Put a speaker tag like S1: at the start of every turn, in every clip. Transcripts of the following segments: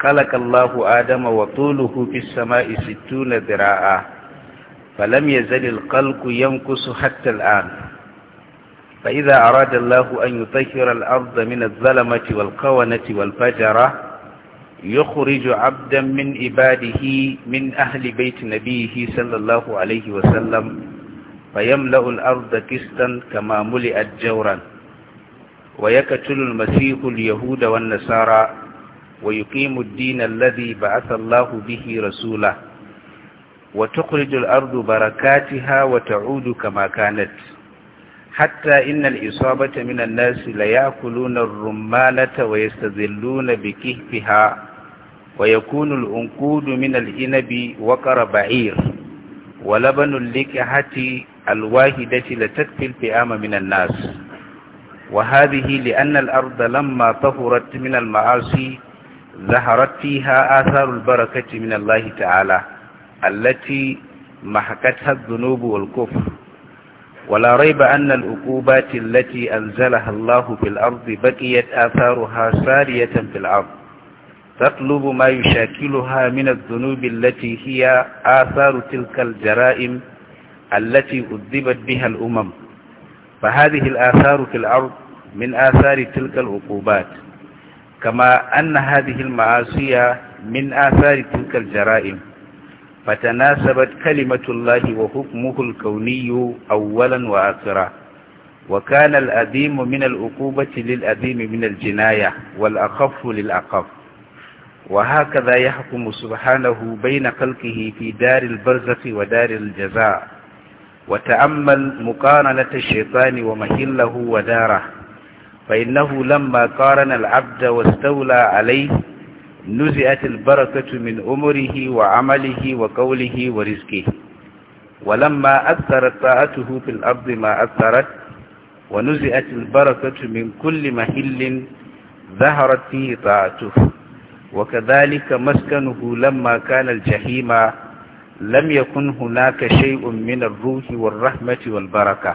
S1: خلق الله آدم وطوله في السماء ستون ذراعا فلم يزل الخلق ينقص حتى الآن فإذا أراد الله أن يطهر الأرض من الظلمة والقونة والفجرة يخرج عبدا من عباده من أهل بيت نبيه صلى الله عليه وسلم فيملأ الأرض كستا كما ملئت جورا ويقتل المسيح اليهود والنصارى ويقيم الدين الذي بعث الله به رسوله وتخرج الأرض بركاتها وتعود كما كانت حتى إن الإصابة من الناس ليأكلون الرمالة ويستذلون بكهفها ويكون الأنقود من الإنب وقر بعير ولبن اللكحة الواهدة لتكفي الفئام من الناس وهذه لأن الأرض لما طهرت من المعاصي ظهرت فيها آثار البركة من الله تعالى التي محكتها الذنوب والكفر ولا ريب أن العقوبات التي أنزلها الله في الأرض بقيت آثارها سارية في الأرض تطلب ما يشاكلها من الذنوب التي هي آثار تلك الجرائم التي أذبت بها الأمم فهذه الآثار في الأرض من آثار تلك العقوبات كما أن هذه المعاصي من آثار تلك الجرائم فتناسبت كلمة الله وحكمه الكوني أولا وآخرا وكان الأديم من العقوبة للأديم من الجناية والأخف للأخف وهكذا يحكم سبحانه بين خلقه في دار البرزخ ودار الجزاء وتأمل مقارنة الشيطان ومهله وداره فإنه لما قارن العبد واستولى عليه نزئت البركة من أمره وعمله وقوله ورزقه ولما أثرت طاعته في الأرض ما أثرت ونزئت البركة من كل مهل ظهرت فيه طاعته وكذلك مسكنه لما كان الجحيم لم يكن هناك شيء من الروح والرحمة والبركة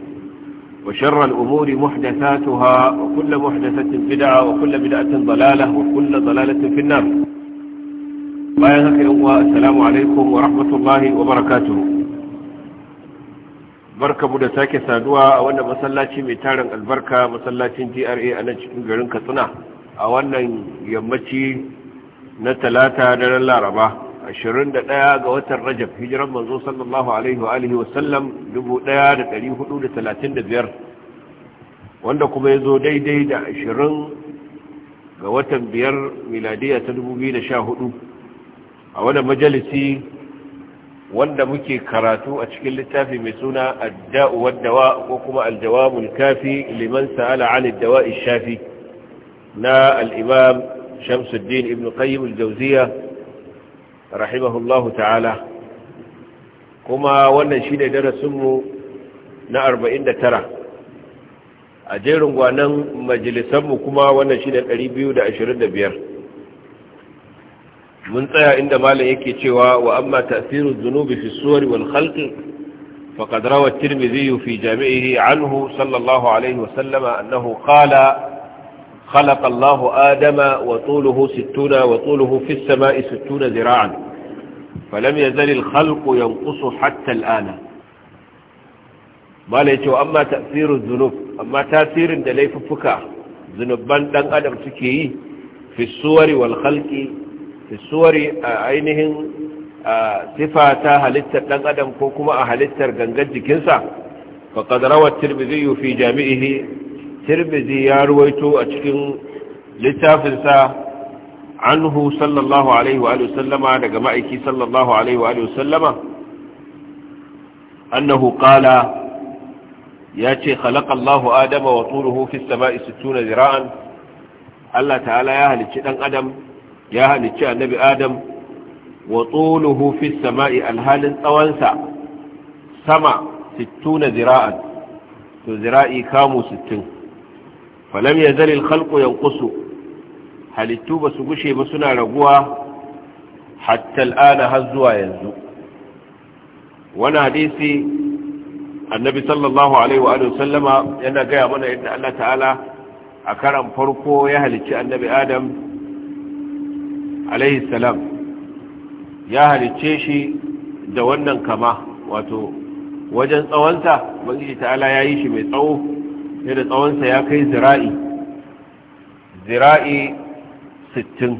S2: وشر الأمور محدثاتها وكل محدثة بدعة وكل بدعة ضلالة وكل ضلالة في النار ما يذكر السلام عليكم ورحمة الله وبركاته barka mu da sake saduwa a wannan masallaci mai tarin albarka masallacin GRA a nan cikin garin Katsina a wannan yammaci na talata daren Laraba 21 ga watan rajab hijiran manzo sallallahu alaihi wa alihi wasallam 1435 wanda kuma ya zo daidai da 20 ga watan 5 miladiya ta 2014 a wani majalisi wanda muke karatu a cikin littafi mai suna adda'u waddawa ko kuma aljawabul kafi liman sa'ala 'an ad-dawa'i shafi na al-imam Shamsuddin ibn Qayyim al-Jawziyya rahimahullahu ta'ala kuma wannan shi ne darasinmu na 49 a jerin gwanon majalisanmu kuma wannan shi ne 225 mun tsaya inda malam yake cewa wa amma tasirin zunubi fi suwari wal khalqi فقد روى الترمذي في جامعه sallallahu alaihi الله عليه وسلم أنه قال خلق الله آدم وطوله ستون وطوله في السماء ستون ذراعا فلم يزل الخلق ينقص حتى الآن ما ليتو أما تأثير الذنوب أما تأثير دلي ففكا ذنوبان دان أدم سكي في الصور والخلق في الصور عينهم صفة هلتر دان أدم كوكما هلتر جنجد جنسا فقد روى الترمذي في جامعه tirmidhi ya ruwaito a cikin littafinsa anhu sallallahu alaihi wa sallama daga ma'aiki sallallahu alaihi wa sallama annahu qala ce khalaqa Allahu Adama wa tuluhu fis sama'i 60 zira'an Allah ta'ala ya halicci dan adam ya halicci annabi adam wa tuluhu fis sama'i alhalin tsawansa sama 60 zira'an to zira'i kamu 60 falam ya zari alkhalqu yanqusu halittu ba su gushe ba suna raguwa hattal'ana har zuwa yanzu wani hadisi annabi sallallahu alaihi waadu, sallama yana gaya mana yadda Allah ta'ala a karan farko ya halicci annabi adam alaihi salam ya halicce shi da wannan kama wato wajen tsawonsa ubangiji ta'ala ya yi shi mai tsawo sai da tsawonsa ya kai zira'i zira'i 60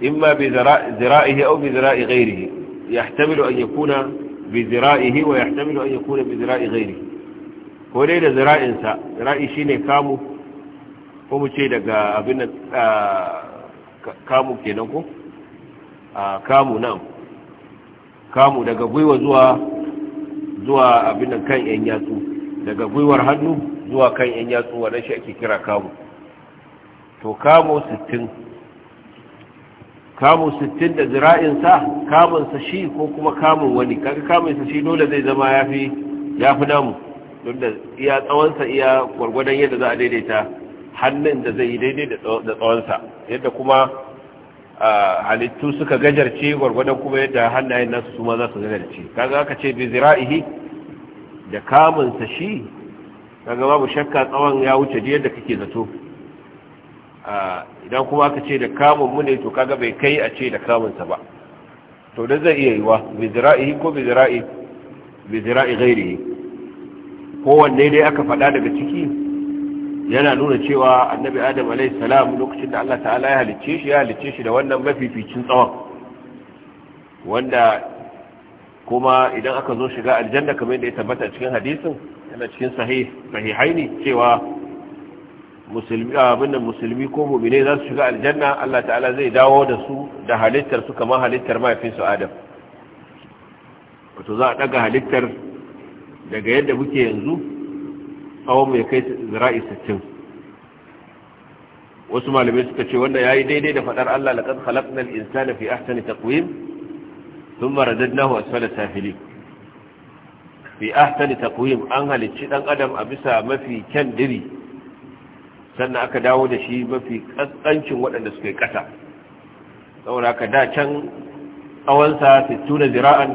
S2: imma bi zira'ihi ya bi zira'i ghairihi yahtamilu an yakuna bi zira'ihi wa yahtamilu an yakuna bi zira'i ghairihi ko dai da zira'insa zira'i shine kamu ko mu ce daga abin kamu kenan ko kamu nan kamu daga gwiwa zuwa zuwa abin kan yan yatsu daga gwiwar hannu zuwa kan yan yatsuwa wannan shi ake kira kamu to kamu 60 kamu 60 da zira'in sa kamun sa shi ko kuma kamun wani kaga kamun sa shi dole zai zama yafi yafi namu don da iya tsawon iya gwargwadon yadda za a daidaita hannun da zai yi daidai da tsawonsa. yadda kuma halittu suka gajarce gwargwadon kuma yadda hannayen nasu su ma za su gajarce kaga aka ce bi zira'ihi da kamun sa shi kaga babu shakka tsawon ya wuce da kake zato idan kuma aka ce da kamun mu ne to kaga bai kai a ce da kamunsa ba to da zai iya yiwa bizira'ihi ko bizira'i bizira'i ko kowanne dai aka faɗa daga ciki yana nuna cewa annabi adam alaihi salam lokacin da Allah ta'ala ya halicce shi ya halicce shi da wannan mafificin tsawon wanda kuma idan aka zo shiga aljanna kamar yadda ya tabbata cikin hadisin yana cikin sahihai ne cewa musulmi abin da musulmi ko mu'mine za su shiga aljanna Allah ta'ala zai dawo da su da halittar su kamar halittar mahaifin su Adam wato za a daga halittar daga yadda muke yanzu tsawon mai kai zira'i 60 wasu malamai suka ce wanda yayi daidai da fadar Allah laqad khalaqnal insana fi ahsani taqwim thumma radadnahu asfala safilin fi ahsani taqwim an halicci dan adam a bisa mafi kyan diri sannan aka dawo da shi mafi kaskancin waɗanda suka yi ƙasa saboda ka da can tsawonsa 60 zira'an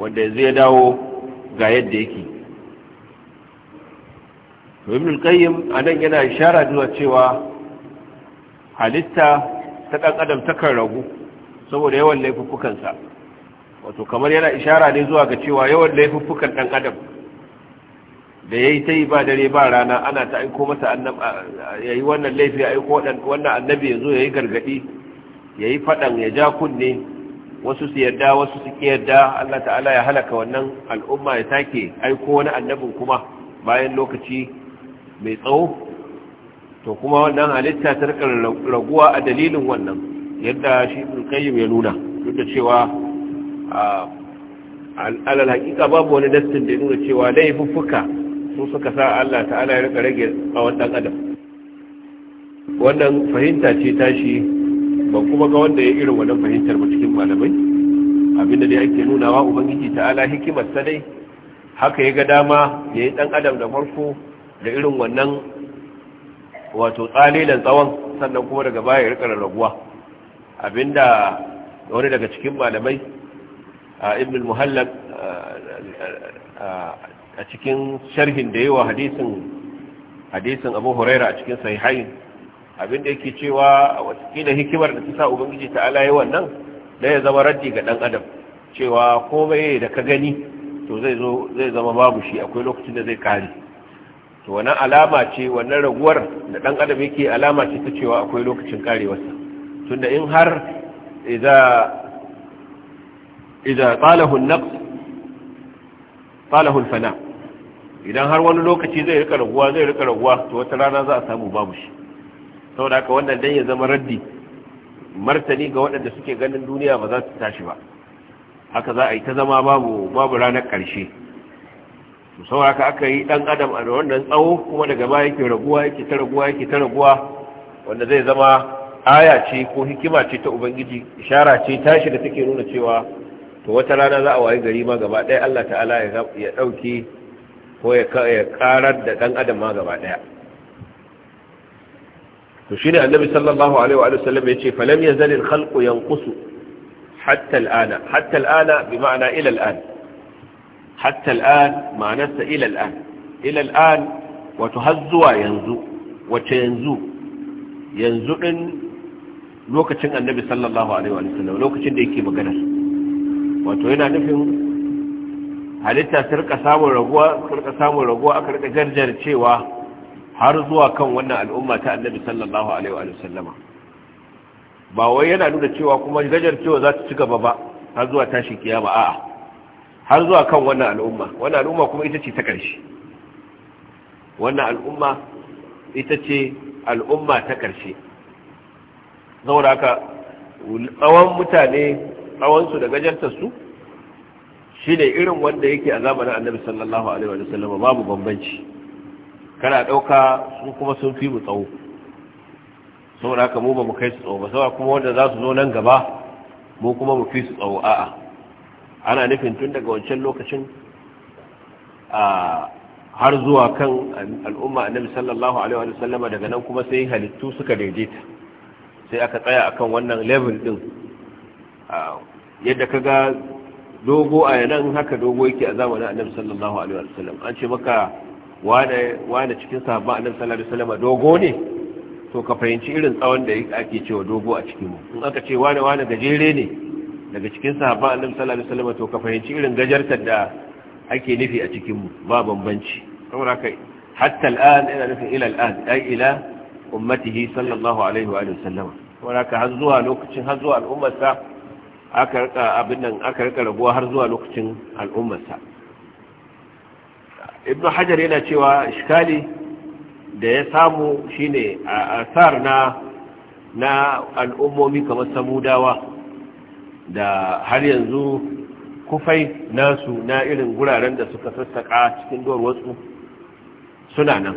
S2: wanda zai dawo ga yadda yake ibn al-qayyim anan yana ishara zuwa cewa halitta ta kan adam kan ragu saboda yawan laifukansa wato kamar yana ishara ne zuwa ga cewa yawan laifuffukan ɗan adam da ya yi ta yi ba dare ba rana ana ta aiko masa ya yi wannan laifi ya aiko wannan annabi ya zo ya yi gargaɗi ya yi faɗan ya ja kunne wasu su yarda wasu su ƙi yarda allah ta'ala ya halaka wannan al'umma ya sake aiko wani annabin kuma bayan lokaci mai tsawo to kuma wannan halitta ta raguwa a dalilin wannan yadda shi ya nuna duk da cewa alal hakika babu wani dastin da ya nuna cewa laifuffuka su suka sa Allah ta'ala ya rika rage tsawon dan adam wannan fahimta ce tashi ban kuma ga wanda ya irin wannan fahimtar ba cikin malamai abinda dai ake nunawa ubangiji ta'ala hikimar sa dai haka ya ga dama ya yi dan adam da farko da irin wannan wato tsalilan tsawon sannan kuma daga baya ya rika raguwa abinda wani daga cikin malamai ibn muhallab a cikin sharhin da yawa hadisin hadisin abu huraira a cikin sahihai abinda yake cewa watakila hikimar da ta sa ubangiji ta'ala yi wannan da ya zama raddi ga dan adam cewa komai da ka gani to zai zo zai zama babu shi akwai lokacin da zai kare to wannan alama ce wannan raguwar da dan adam yake alama ce ta cewa akwai lokacin karewarsa tunda in har idza idza idan har wani lokaci zai rika raguwa zai rika raguwa to wata rana za a samu babu shi da haka wannan dan ya zama raddi martani ga waɗanda suke ganin duniya ba za su tashi ba haka za a yi ta zama babu ranar ƙarshe musamman aka yi ɗan adam a wannan tsawo kuma daga baya yake raguwa yake ta raguwa yake ta raguwa wanda zai zama aya ce ko hikima ce ta ubangiji ishara ce tashi da take nuna cewa to wata rana za a wayi gari ma gaba ɗaya Allah ta'ala ya ɗauki ko ya ƙarar da ɗan adam ma gaba ɗaya to shi ne annabi sallallahu alaihi wa sallam ya ce falam ya zalin halku yankusu hatta al'ana hatta al'ana bi ma'ana ilal'an. al'an hatta al'an ma'anarsa ilal'an. Ilal'an wato har zuwa yanzu wace yanzu yanzu ɗin lokacin annabi sallallahu alaihi wa sallam lokacin da yake maganar wato yana nufin halitta ta rika samun raguwa rika samun raguwa aka rika cewa har zuwa kan wannan al'umma ta annabi sallallahu alaihi wa sallama ba wai yana nuna cewa kuma cewa za ta ci gaba ba har zuwa tashi kiyama a'a har zuwa kan wannan al'umma wannan al'umma kuma ita ce ta ƙarshe wannan al'umma ita ce al'umma ta ƙarshe zaura haka tsawon mutane tsawonsu da gajartarsu shi ne irin wanda yake a zamanin annabi sallallahu alaihi wa sallam babu bambanci kana ɗauka su kuma sun fi mu tsawo saboda haka mu ba mu kai su tsawo ba saboda kuma wanda za su zo nan gaba mu kuma mu fi su tsawo a'a ana nufin tun daga wancan lokacin a har zuwa kan al'umma annabi sallallahu alaihi wa sallam daga nan kuma sai halittu suka daidaita sai aka tsaya akan wannan level din yadda kaga dogo a yanan haka dogo yake a zamanin annabi sallallahu alaihi wasallam an ce maka wane wane cikin sahabban annabi sallallahu alaihi wasallam dogo ne to ka fahimci irin tsawon da ake cewa dogo a cikin mu in aka ce wane wane gajere ne daga cikin sahabban annabi sallallahu alaihi wasallam to ka fahimci irin gajartar da ake nufi a cikin mu ba bambanci saboda kai hatta al'an ina nufin ila al'an ai ila ummatihi sallallahu alaihi wa sallam saboda ka har zuwa lokacin har zuwa al'ummar sa aka rika abin nan aka rika rabuwa har zuwa lokacin al'ummarsa ibn hajar yana cewa iskali da ya samu shine asar na na al'ummomi kamar samudawa da har yanzu kufai nasu na irin guraren da suka sassaƙa cikin wasu suna nan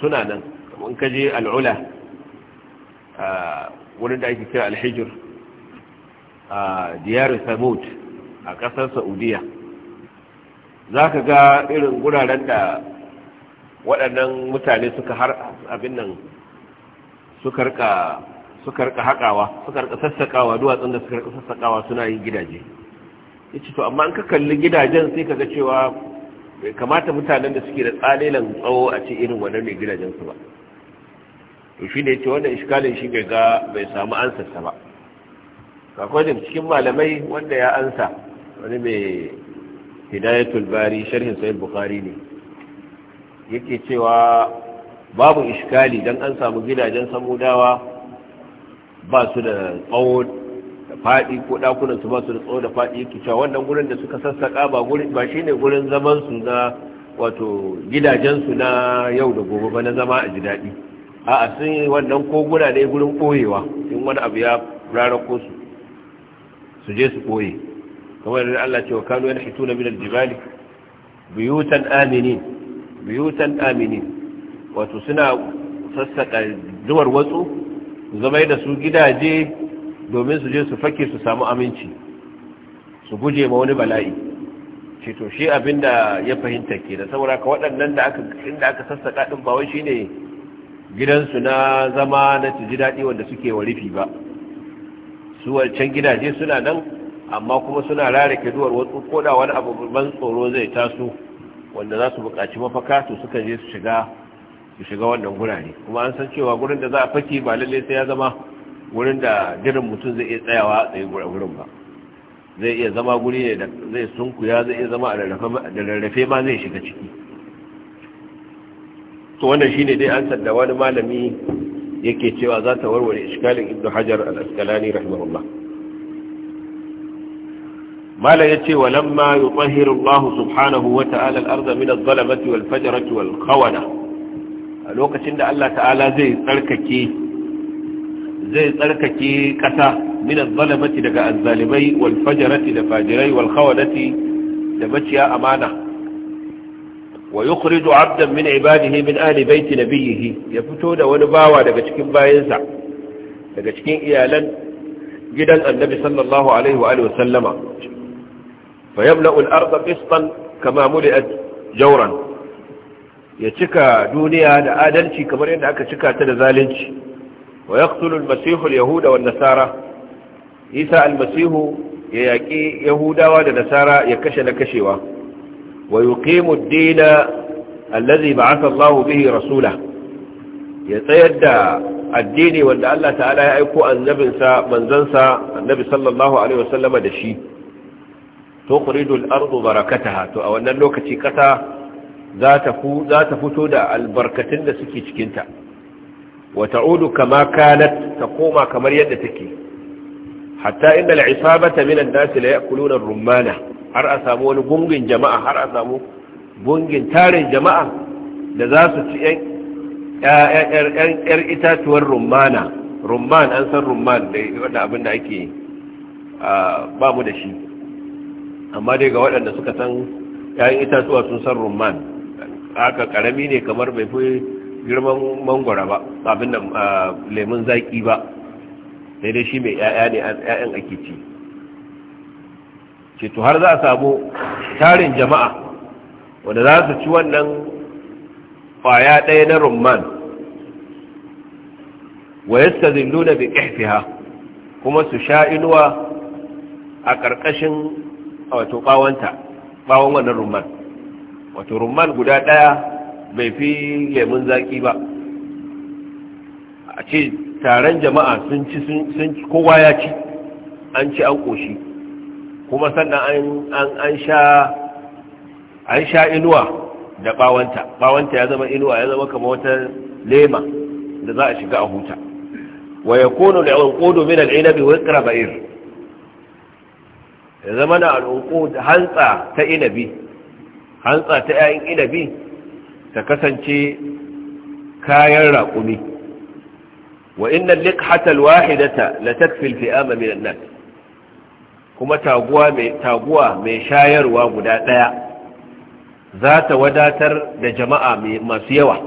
S2: suna nan kamar kaje al'ula wurin da ake kira alhijir a diyar samud a ƙasar saudiya za ka ga irin guraren da waɗannan mutane suka har abin nan suka rika haƙawa suka rika sassaƙawa duwatsun da suka rika sassaƙawa suna yin gidaje ya ce to amma an ka kalli gidajen sai ka ga cewa bai kamata mutanen da suke da tsalilan tsawo a ce irin wannan ne gidajensu ba to shi ne ce wannan iskalin shi bai ga bai samu ansarsa ba akwai da cikin malamai wanda ya ansa wani mai hidayatul bari sharhin Sayyid bukhari ne yake cewa babu iskali dan an samu gidajen samudawa ba su da tsawo da fadi ko dakunan su ba su da tsawo da fadi yake cewa wannan gurin da suka sassaka ba gurin ba shine gurin zaman su na wato gidajen su na yau da gobe ba na zama a ji daɗi a'a sun yi wannan koguna ne gurin koyewa in wani abu ya rarako su su je su koye kamar da Allah wa kanu yana hito na minar jibali biyutan aminin biyutan aminin wato suna sassaƙa zuwar watsu zama da su gidaje domin su je su fake su samu aminci su guje ma wani bala'i ce to shi abinda ya fahimta ke da saboda ka waɗannan da aka inda aka sassaka din ba wai shine gidansu na zama na ji daɗi wanda suke warifi ba su wancan gidaje suna nan amma kuma suna rarake duwar wasu ko da wani abu ban tsoro zai taso wanda za su buƙaci mafaka to suka je su shiga su shiga wannan gurare kuma an san cewa gurin da za a faki ba lalle sai ya zama gurin da jirin mutum zai iya tsayawa a tsaye gurin ba zai iya zama guri ne da zai sunkuya zai iya zama a rarrafe ma zai shiga ciki to wannan shine dai an sanda wani malami yake cewa za ta warware iskalin ibn hajar al-askalani rahimahullah mala ce wa lamma yutahhiru Allah subhanahu wa ta'ala al min wal fajarati wal-khawana a lokacin da Allah ta'ala zai tsarkake zai tsarkake kasa min adh daga azzalimai wal fajarati da fajirai wal-khawanati da maciya amana wa yukhriju abdan min ibadihi min ahli na biyihi, ya fito da wani bawa daga cikin bayansa daga cikin iyalan gidan annabi sallallahu alaihi wa alihi wasallama fa yamla'u al-ardha qistan kama muli'at ya cika duniya da adalci kamar yadda aka cika ta da zalunci wa yaqtulu al-masihu al nasara isa Almasihu masihu ya yaƙi yahudawa da nasara ya kashe na kashewa ويقيم الدين الذي بعث الله به رسوله يتيدى الدين وان الله تعالى يأيكو النبي منزنسى النبي صلى الله عليه وسلم دشي تقرد الأرض بركتها أو أن اللوكة كتا ذات فتود البركتين لسكي تكينتا وتعود كما كانت تقوم كما يدتك حتى إن العصابة من الناس لا يأكلون الرمانة har a samu wani gungin jama'a har a samu gungin tarin jama'a da za su ci ‘yar itatuwar rumana rumman an san rumman da wadda abin da ake ba mu da shi amma dai ga waɗanda suka san ‘ya'yan itatuwa sun san rumman aka ƙarami ne kamar bai fi girman mangwara ba abin da lemun zaƙi ba sai dai shi mai ‘ya'ya ne ‘ya'yan ake ci ce to har za a samu tarin jama'a wanda za su ci wannan ƙwaya ɗaya na rumman wa yasta zilluna bi ƙafiha kuma su sha inuwa a ƙarƙashin wato ɓawanta ɓawon wannan rumman wato rumman guda ɗaya bai fi lemun zaƙi ba a ce taron jama'a sun ci kowa ya ci an ci an ƙoshi kuma sannan an sha inuwa da bawanta bawanta ya zama inuwa ya zama kama wata lema da za a shiga a huta wa yakunu al-unqudu min al'inabi inabi wa iqra ba'ir ya zama na al da hantsa ta inabi hantsa ta yayin inabi ta kasance kayan raƙumi wa innal liqhata al-wahidata la takfi al-fi'ama min an-nas kuma taguwa mai shayarwa guda ɗaya za ta wadatar da jama'a masu yawa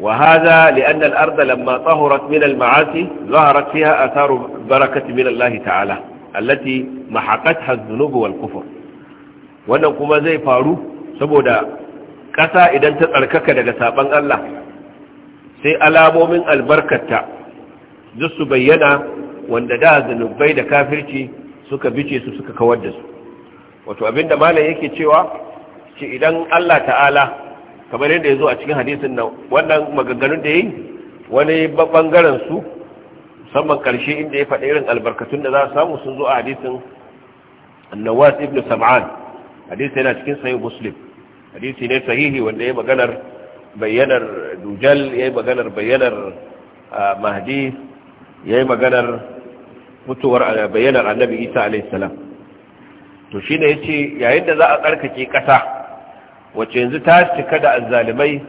S2: wa hada li'anna al-ard lamma tahurat min al-ma'asi zaharat fiha atharu barakati min Allah ta'ala allati mahaqatha adh-dhunub wal-kufr wannan kuma zai faru saboda ƙasa idan ta tsarkaka daga saban Allah sai alamomin albarkarta duk su bayyana wanda da zunubai da kafirci suka bice su suka kawar da su wato abinda malam yake cewa ce idan Allah ta'ala kamar yadda ya zo a cikin hadisin nan wannan maganganun da yi wani bangaren su musamman karshe inda ya faɗi irin albarkatun da za su samu sun zo a hadisin annawas ibn sam'an hadisi yana cikin sahih muslim hadisi ne sahihi wanda ya maganar bayyanar dujal ya yi maganar bayyanar ah, mahdi ya yi maganar mutuwar bayyanar annabi isa alaihissalam to shi ne ya ce yayin da za a tsarkake ƙasa wacce yanzu ta cika da azzalimai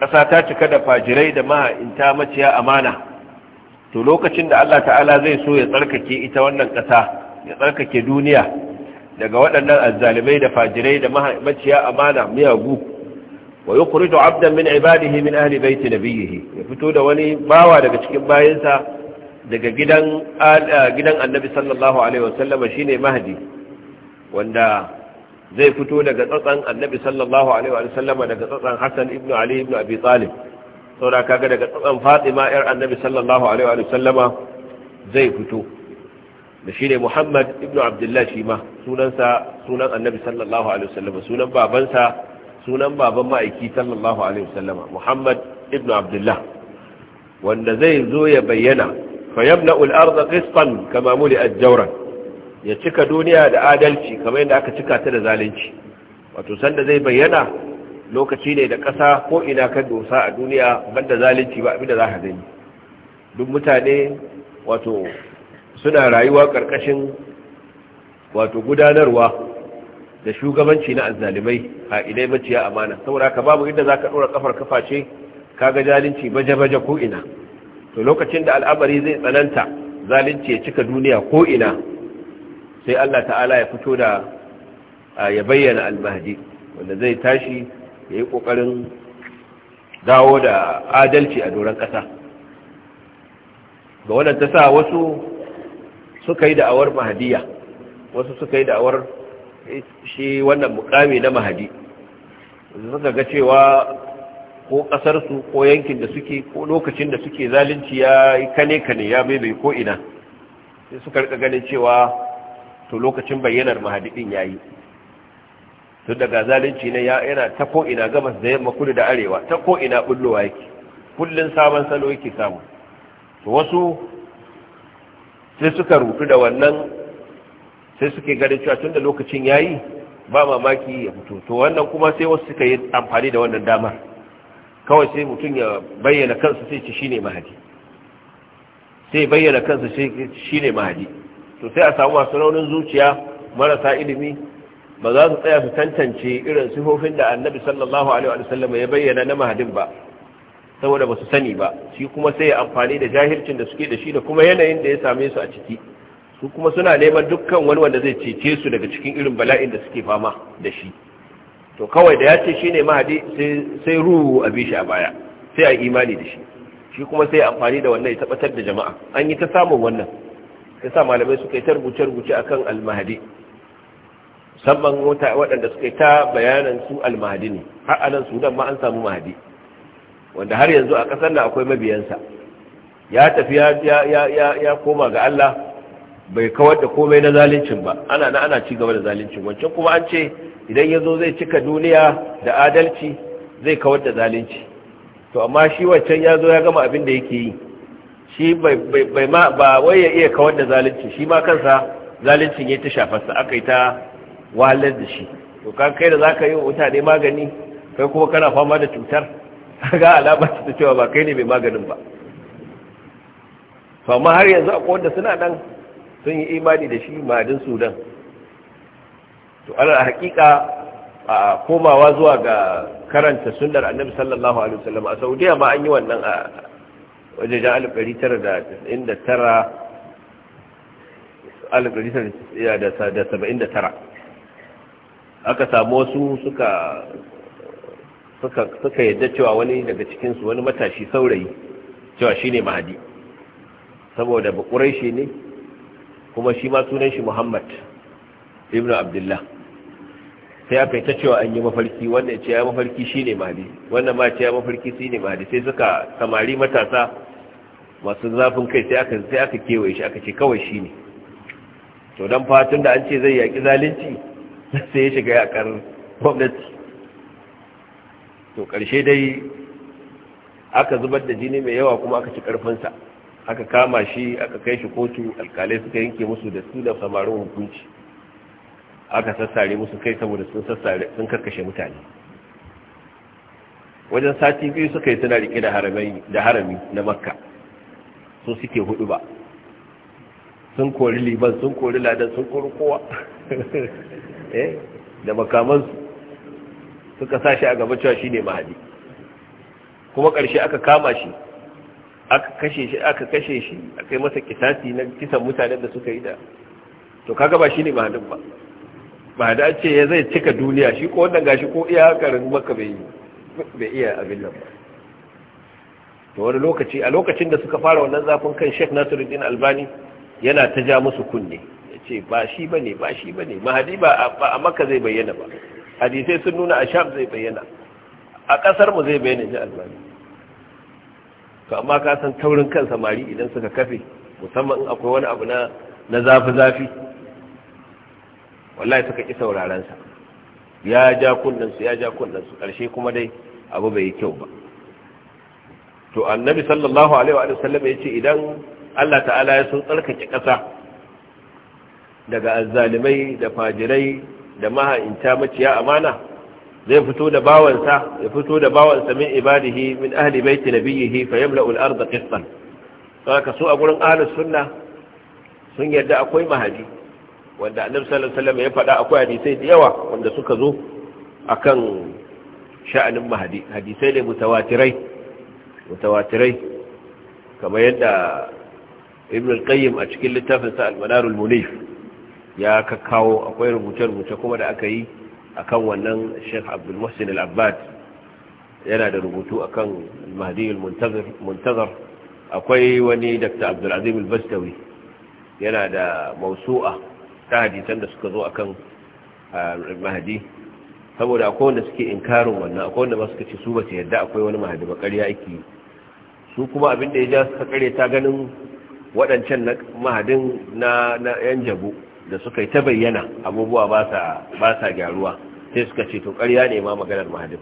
S2: ƙasa ta cika da fajirai da maha'inta maciya amana to lokacin da allah ta'ala zai so ya tsarkake ita wannan ƙasa ya tsarkake duniya daga waɗannan azzalimai da fajirai da maciya amana miyagu wa yukhriju 'abdan min 'ibadihi min ahli baiti nabiyhi ya fito da wani bawa daga cikin bayinsa daga gidan annabi sallallahu alaihi wasallama shine mahdi wanda zai fito daga tsatsan annabi sallallahu alaihi wasallama daga tsatsan hassan ibnu ali ibn abi talib saboda kaga daga tsatsan fatima yar annabi sallallahu alaihi wasallama zai fito da shine muhammad ibnu abdullahi shima sunansa sunan annabi sallallahu alaihi wasallama sunan babansa sunan baban ma'aiki sallallahu alaihi wasallama muhammad ibnu abdullahi wanda zai zo ya bayyana fayabna na al-ardha qistan kama muli'at ya cika duniya da adalci kamar yadda aka cika ta da zalunci wato sanda zai bayyana lokaci ne da ƙasa ko ina kan dosa a duniya banda zalunci ba abinda za ka gani duk mutane wato suna rayuwa ƙarƙashin wato gudanarwa da shugabanci na azzalimai a idai maciya amana saboda ka babu inda za ka ɗora ƙafar kafa ce kaga zalunci baje-baje ko ina to lokacin da al'amari zai tsananta zalunci ya cika duniya ko ina sai Allah ta'ala ya fito da ya bayyana al-mahdi wanda zai tashi ya yi ƙoƙarin dawo da adalci a doron ƙasa ga wannan ta sa wasu suka yi da'awar mahadiya wasu suka yi da'awar shi wannan mukami na mahadi suka ga cewa ko ƙasarsu ko yankin da suke ko lokacin da suke zalunci ya yi kane-kane ya bebe ko ina sai suka rika ganin cewa to lokacin bayyanar mahadin ya yi tun daga zalunci ne yana ta ko ina gabas da yamma kudu da arewa ta ko ina bullowa yake kullum sabon salo yake samu to wasu sai suka rutu da wannan sai suke ganin cewa tun da lokacin ya yi ba mamaki ya fito to wannan kuma sai wasu suka yi amfani da wannan damar kawai sai mutum ya bayyana kansa sai ce shine mahadi sai bayyana kansa sai shine mahadi to sai a samu masu raunin zuciya marasa ilimi ba za su tsaya su tantance irin sifofin da annabi sallallahu alaihi wa sallam ya bayyana na mahadin ba saboda ba su sani ba shi kuma sai ya amfani da jahilcin da suke da shi da kuma yanayin da ya same su a ciki su kuma suna neman dukkan wani wanda zai cece su daga cikin irin bala'in da suke fama da shi to kawai da ya ce shi ne mahadi sai ruhu a bi shi a baya sai a imani da shi shi kuma sai amfani da wannan ya tabbatar da jama'a an yi ta samun wannan ya sa malamai suka yi ta rubuce-rubuce kan almahadi musamman waɗanda suka yi ta bayanan su almahadi ne har anan sudan ma an samu mahadi wanda har yanzu a ƙasar nan akwai mabiyansa ya tafi ya koma ga Allah bai kawar da komai na zalincin ba ana na ana ci gaba da zalincin wancan kuma an ce idan ya zo zai cika duniya da adalci zai kawar da zalunci to amma shi waccan ya zo ya gama abin da yake yi shi bai ba wai ya iya kawar da zalunci shi ma kansa zaluncin ya ta shafarsa aka yi ta wahalar da shi to kan kai da zaka yi wa mutane magani kai kuma kana fama da cutar ga alamar ta cewa ba kai ne mai maganin ba to amma har yanzu akwai wanda suna nan sun yi imani da shi ma'adin sudan to alal hakika a komawa zuwa ga karanta sunnar annabi sallallahu alaihi wasallam a saudiya ma an yi wannan a waje wajejen da 79 aka samu wasu suka suka suka yadda cewa wani daga cikinsu wani matashi saurayi cewa shine mahadi saboda bukurai shi ne kuma shi ma sunan shi muhammad ibn abdullah sai aka yi ta cewa an yi mafarki wannan ya ce ya mafarki shi ne mahadi wannan ma ce ya mafarki shi ne mahadi sai suka samari matasa masu zafin kai sai aka sai aka kewaye shi aka ce kawai shi ne to dan fatun da an ce zai yaki zalunci sai ya shiga yakar gwamnati to karshe dai aka zubar da jini mai yawa kuma aka ci karfinsa aka kama shi aka kai shi kotu alkalai suka yanke musu da su da samarin hukunci aka sassare musu kai saboda sun sassare sun karkashe mutane wajen sati biyu suka yi suna rike da harami na makka su suke hudu ba sun kori liban sun kori ladan sun kori kowa eh, da makamansu suka sa shi a gaba cewa shi ne mahadi kuma ƙarshe aka kama shi aka kashe shi aka kashe shi aka yi masa kisasi na kisan mutanen da suka yi da to kaga ba shi ne mahadin ba ba da ce ya zai cika duniya shi ko wannan gashi ko iya karin maka bai iya abin nan ba to wani lokaci a lokacin da suka fara wannan zafin kan sheikh nasiruddin albani yana ta ja musu kunne ya ce ba shi ba ne ba shi ba ne mahadi ba a maka zai bayyana ba hadisai sun nuna a sham zai bayyana a kasar mu zai bayyana ji albani to amma ka san taurin kan samari idan suka kafe musamman akwai wani abu na zafi-zafi wallahi suka ƙi saurarensa ya ja kunnansu ya ja kunnansu ƙarshe kuma dai abu bai yi kyau ba to annabi sallallahu alaihi wa sallam ya ce idan Allah ta'ala ya so tsarkake ƙasa daga azzalimai da fajirai da maha'inta maciya amana zai fito da bawansa ya fito da bawansa min ibadihi min ahli baiti nabiyhi fa yamla'ul al-ardh qistan saka su a gurin ahlus sunna sun yarda akwai mahadi wanda annabi sallallahu alaihi ya faɗa akwai hadisai da yawa wanda suka zo akan sha'anin mahadi hadisai ne mutawatirai mutawatirai kamar yadda ibn al-qayyim a cikin littafin sa al munif ya kakkawo akwai rubuce-rubuce kuma da aka yi akan wannan Sheikh Abdul Muhsin al-Abbad yana da rubutu akan al-Mahdi al-Muntazir akwai wani Dr. Abdul Azim al-Bastawi yana da mawsu'a ta hadisan da suka zo a kan mahadi saboda akwai wanda suke inkarin wannan akwai wanda masu suka ce su ba su yadda akwai wani mahadi ba ya ake su kuma abin da ya ja suka kare ta ganin waɗancan mahadin na yan jabu da suka yi ta bayyana abubuwa ba sa gyaruwa sai suka ce to ƙarya ne ma maganar mahadin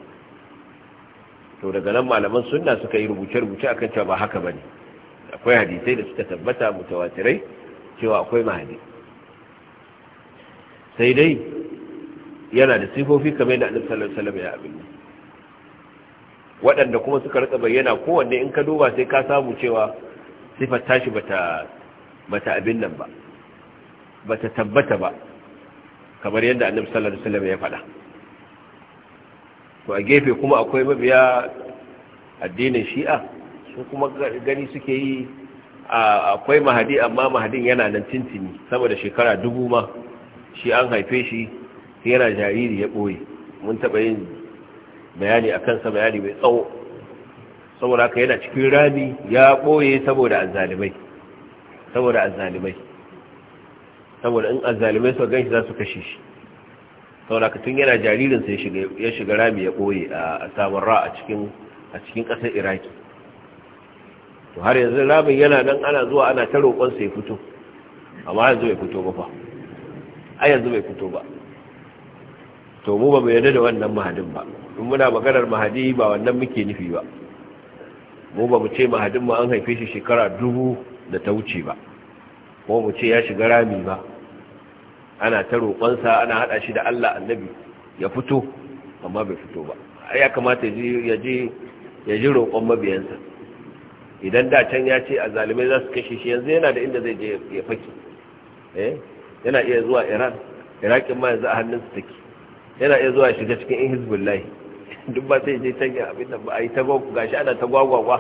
S2: to daga nan malaman sunna suka yi rubuce-rubuce akan cewa ba haka ba ne akwai hadisai da suka tabbata mutawatirai cewa akwai mahadi sai dai yana da sifofi kamar da annabi sallallahu alaihi wasallam ya abin waɗanda kuma suka rika bayyana kowanne in ka duba sai ka samu cewa sifar tashi bata bata abin nan ba bata tabbata ba kamar yadda annabi sallallahu alaihi wasallam ya faɗa to a gefe kuma akwai mabiya addinin shi'a su kuma gani suke yi akwai mahadi amma mahadin yana nan tintini saboda shekara dubu ma shi an haife shi yana jariri ya ɓoye mun taɓa yin bayani a kansa bayani mai tsawo saboda haka yana cikin rami ya ɓoye saboda azalimai, saboda azalimai saboda in azalimai su ganshi za su kashe shi saboda haka tun yana jaririnsa ya shiga rami ya ɓoye a samarra a cikin a cikin ƙasar iraki to har yanzu ramin yana nan ana zuwa ana ta roƙon ya fito amma yanzu bai fito ba fa a yanzu bai fito ba to mu ba mu yarda da wannan mahadin ba in muna maganar mahadi ba wannan muke nufi ba mu ba mu ce mahadin ma an haife shi shekara dubu da ta wuce ba ko mu ce ya shiga rami ba ana ta roƙonsa ana haɗa shi da Allah annabi ya fito amma bai fito ba ya kamata ya ya ji roƙon mabiyansa idan da can ya ce a zalimai za su kashe shi yanzu yana da inda zai je ya faki eh? yana iya zuwa iran irakin ma yanzu a hannunsu take yana iya zuwa shiga cikin in hizbullah duk ba sai je can abin da ba a yi ga gashi ana ta tagwagwagwa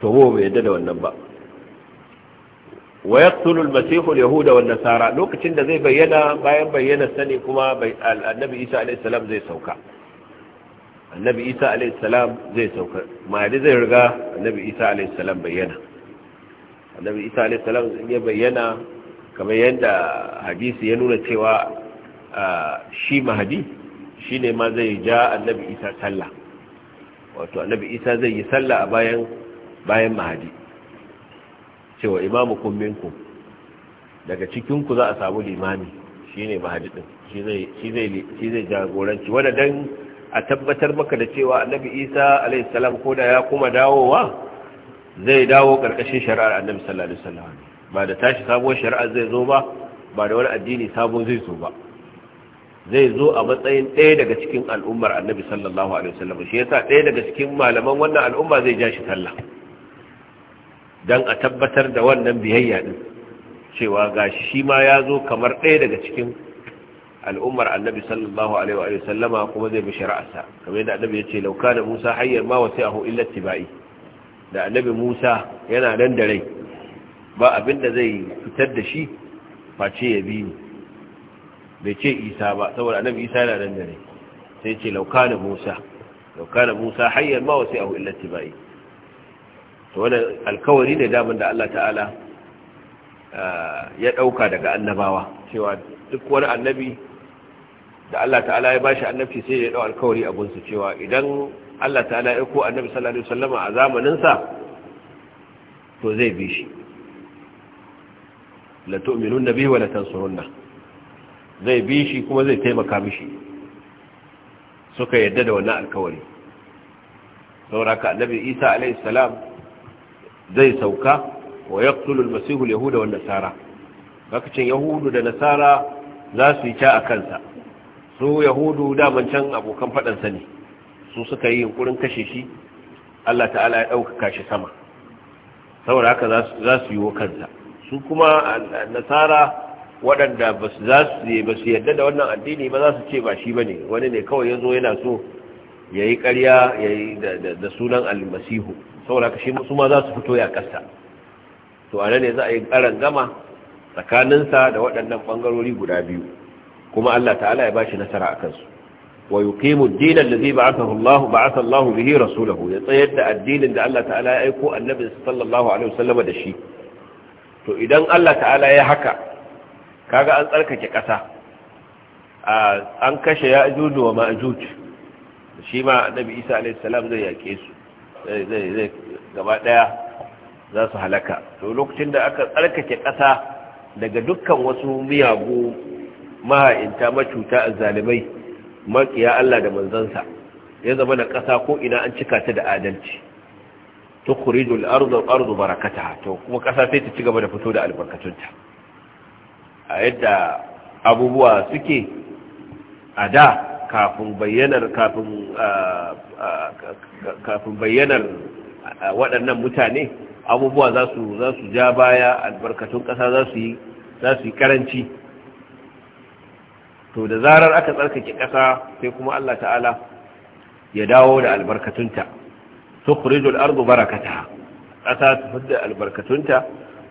S2: to bo bai yadda da wannan ba wa yaqtulu al-masihu yahuda wan nasara lokacin da zai bayyana bayan bayyana sani kuma annabi Isa alayhi salam zai sauka annabi Isa alayhi salam zai sauka mahdi zai riga annabi Isa alayhi salam bayyana annabi isa alayhi salam ya bayyana kamar yadda hadisi ya nuna cewa shi mahadi shine ma zai ja annabi isa sallah wato annabi isa zai yi sallah a bayan bayan mahadi cewa kun minku daga cikin ku za a samu limami shine mahadi din shi zai shi zai shi zai jagoranci wanda dan a tabbatar maka da cewa annabi isa alayhi salam koda ya kuma dawowa zai dawo karkashin shari'ar annabi sallallahu alaihi wasallam ba da tashi sabuwar shari'ar zai zo ba ba da wani addini sabon zai zo ba zai zo a matsayin ɗaya daga cikin al'ummar annabi sallallahu alaihi wasallam shi yasa ɗaya daga cikin malaman wannan al'umma zai ja shi sallah dan a tabbatar da wannan biyayya din cewa gashi shi ma ya zo kamar ɗaya daga cikin al'ummar annabi sallallahu alaihi wasallama kuma zai bi shari'arsa kamar yadda annabi ya ce lauka da musa hayyan ma ahu illa tibai da annabi Musa yana nan da rai ba abinda zai fitar da shi face ya bi ni bai ce Isa ba saboda annabi Isa yana nan da rai sai ce laukana Musa laukana Musa hayyan ma wasu ahu illa tibai to wannan alkawari ne daban da Allah ta'ala ah, ya dauka daga annabawa cewa duk wani annabi da Allah ta'ala ya bashi annabci sai ya dau alƙawari abun su cewa idan Allah ta'ala ya ko annabi sallallahu alaihi wasallama a zamaninsa, to zai bi shi la tu'minunna bihi wa la tansurunna zai bi shi kuma zai taimaka mishi suka yadda da wannan alkawari sauraka annabi Isa alaihi salam zai sauka wa yaqtulu al-masih al-yahuda wan nasara lokacin yahudu da nasara za su yi ca a kansa su yahudu daman can abokan faɗansa ne su suka yi yunkurin kashe shi Allah ta'ala ya ɗaukaka shi sama saboda haka za su yi kansa su kuma nasara waɗanda ba su yarda da wannan addini ba za su ce ba shi ba ne wani ne kawai ya zo yana so ya yi ƙarya da sunan almasihu saboda haka shi su ma za su fito ya ƙasa to a ne za a yi ƙaran gama tsakaninsa da waɗannan ɓangarori guda biyu kuma Allah ta'ala ya bashi nasara akan su wa yuqimu ad-din alladhi ba'athahu Allah ba'atha Allah bihi rasulahu ya tsayar da addinin da Allah ta'ala ya aiko annabi sallallahu alaihi wasallam da shi to idan Allah ta'ala ya haka kaga an tsarkake kasa an kashe ya'juj wa ma'juj shi ma annabi Isa alaihi salam zai yake su zai zai gaba daya za su halaka to lokacin da aka tsarkake ƙasa daga dukkan wasu miyagu maha'inta macuta a zalimai makiya Allah da manzansa ya zama na ƙasa ko ina an cika ta da adalci ta kuridul arzu barakata to kuma ƙasa sai ta ci gaba da fito da albarkatunta a yadda abubuwa suke a da kafin bayyanar waɗannan mutane abubuwa za su ja baya albarkatun ƙasa za su yi karanci to da zarar aka tsarkake ƙasa sai kuma Allah ta'ala ya dawo da albarkatunta tukhrijul barakata. barakataha ƙasa ta fidda albarkatunta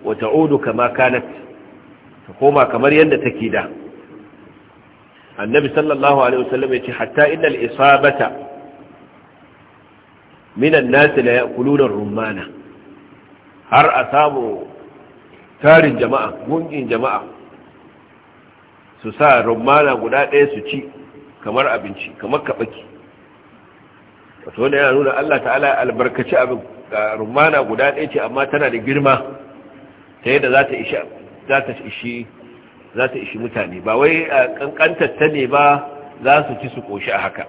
S2: wata ta'udu kama kanat ta koma kamar yadda take da annabi sallallahu alaihi wasallam ya ce hatta innal isabata minan nas ya ya'kuluna rumana har a samu tarin jama'a gungin jama'a su sa rumana guda ɗaya su ci kamar abinci kamar kaɓaki wato wanda yana nuna Allah ta'ala albarkaci abin rumana guda ɗaya ce amma tana da girma ta yadda za ta ishi za ta ishi za ta ishi mutane ba wai kankantar ta ne ba za su ci su koshi a haka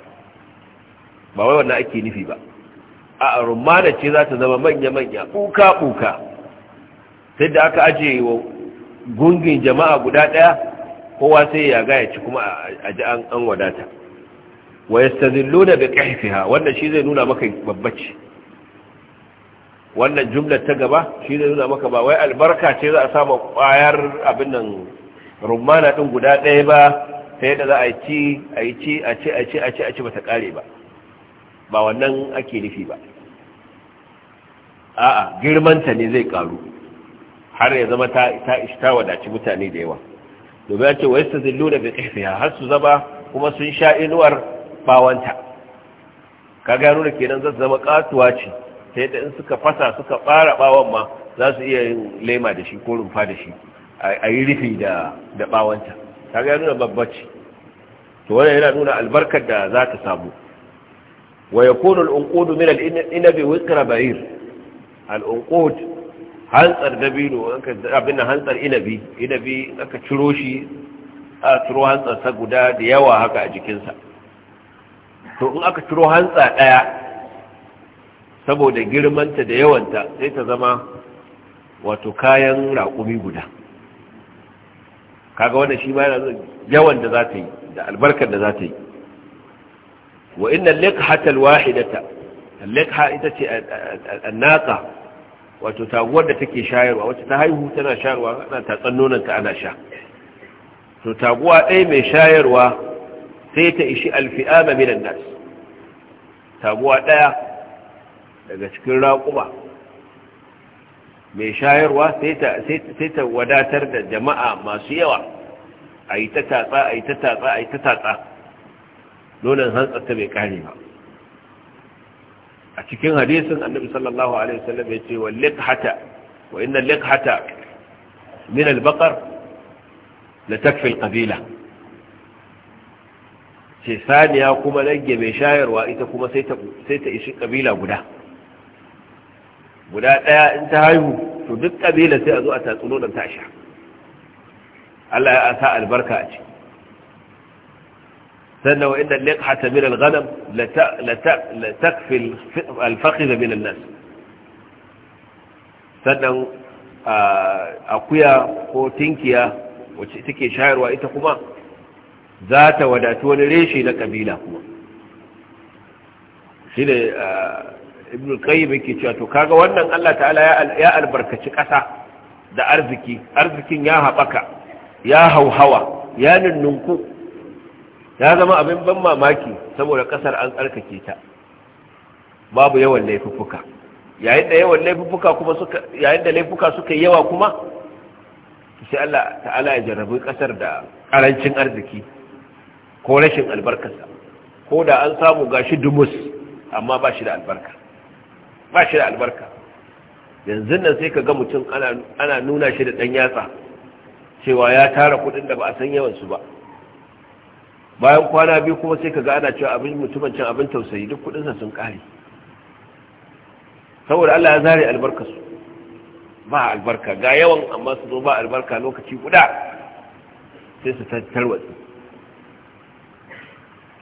S2: ba wai wannan ake nufi ba a rumana ce za ta zama manya-manya ɓuka-ɓuka sai da aka ajiye wa gungin jama'a guda ɗaya kowa sai ya ga ya ci kuma a ji an wadata wa yastazilluna bi kahfiha wannan shi zai nuna maka babbaci wannan jumlar ta gaba shi zai nuna maka ba wai albarka ce za a samu kwayar abin nan rumana din guda ɗaya ba sai da za a ci a ci a ci a ci a ci a ci ba kare ba ba wannan ake nufi ba a'a girman ta ne zai karu har ya zama ta ta wadaci mutane da yawa domin ce wa yasta zillu da biqihfiha har su zama kuma sun sha inuwar bawanta ka gano da kenan zai zama katuwa ce ta yadda in suka fasa suka fara bawan ma za su iya yin lema da shi ko rumfa da shi a yi rufi da da bawanta ka gano da babbaci to wani yana nuna albarkar da za ta samu wa yakunu al-unqud min al-inabi wa ba'ir al-unqud hantsar dabino abin hantsar inabi inabi aka ciro shi a ciro sa guda da yawa haka a jikinsa to in aka ciro hantsa ɗaya saboda girmanta da yawanta sai ta zama wato kayan raƙumi guda kaga wanda shi ma yana yawan da za ta yi da albarkar da za ta yi wa inna liqhatal wahidata liqha ita ce annaqa wato taguwar da take shayarwa wacce ta haihu tana shayarwa ana tatsan nonanta ana sha to taguwa ɗaya mai shayarwa sai ta ishi alfi'ama minan nas taguwa ɗaya daga cikin raƙuba mai shayarwa sai ta wadatar da jama'a masu yawa a yi ta tatsa a yi ta tatsa a yi ta tatsa nonon hantsar ta bai kare ba a cikin hadisin annabi sallallahu alaihi wasallam ya ce wa liqhata wa inna hata min al la takfi ce saniya kuma rage mai shayarwa ita kuma sai ta sai ta ishi kabila guda guda daya in ta haihu to duk kabila sai a zo a tatsuno dan tasha Allah ya sa albarka a ciki sannan wa inda liqhata min al-ghanam la la takfi al-fakhidh min sannan akuya ko tinkiya wacce take shayarwa ita kuma za ta wadatu wani reshe na kabila kuma shi ne ibn qayyim ke cewa to kaga wannan Allah ta'ala ya albarkaci ƙasa da arziki arzikin ya haɓaka ya hauhawa ya nunnunku ya zama abin ban mamaki saboda kasar an tsarkake ta babu yawan laifuka yayin da yawan laifuka kuma suka yayin da laifuka suka yi yawa kuma sai Allah ta'ala ya jarrabu kasar da karancin arziki ko rashin albarkarsa ko da an samu gashi dumus amma ba shi da albarka ba shi da albarka yanzu nan sai ka ga mutum ana nuna shi da dan yatsa cewa ya tara kudin da ba a san yawan su ba bayan kwana biyu kuma sai ka ga ana cewa abin mutumin can abin tausayi duk kudinsa sun kare saboda Allah ya zare albarka su ba albarka ga yawan amma su zo ba albarka lokaci guda sai su tarwatsi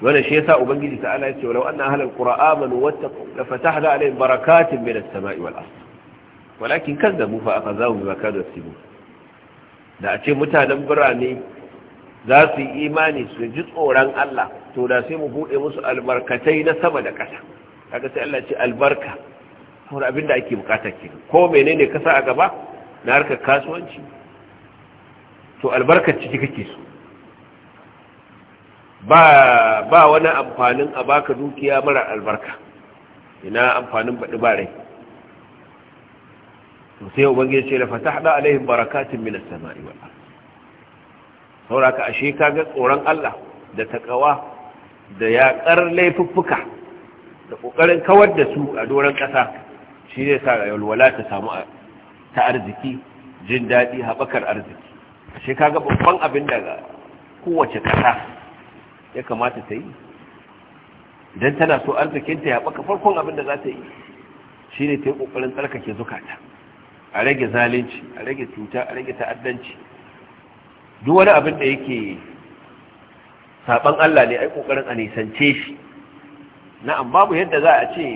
S2: wannan shi yasa ubangiji ta Allah ya ce walau anna ahlal qura amanu wattaqu la fatahna alaihim barakatin min as-sama'i wal ard walakin kazzabu fa akhadhahum bima kanu yasibun da a ce mutanen birane za su yi imani su ji tsoron Allah to da sai mu buɗe musu albarkatai na sama da ƙasa kaga sai Allah ce albarka Ko abin da ake bukata ke ko menene kasa a gaba na harkar kasuwanci to albarkar ciki kake so ba ba wani amfanin a baka dukiya mara albarka ina amfanin badi ba rai to sai ubangiji ce la fatahna alaihim barakatin minas sama'i wal ardh sauraka ashe kaga tsoron Allah da takawa da yaƙar laifuffuka da ƙoƙarin kawar da su a doron ƙasa shi ne sa walwala ta samu ta arziki jin daɗi haɓakar arziki ashe kaga babban abin daga kowace ƙasa ya kamata ta yi idan tana so arzikinta ya ɓaka farkon abin da za ta yi shi ne ta yi ƙoƙarin tsarkake zukata a rage zalunci a rage cuta a rage ta'addanci duk wani abin da yake saban Allah ne ai kokarin a nisance shi na'am babu yadda za a ce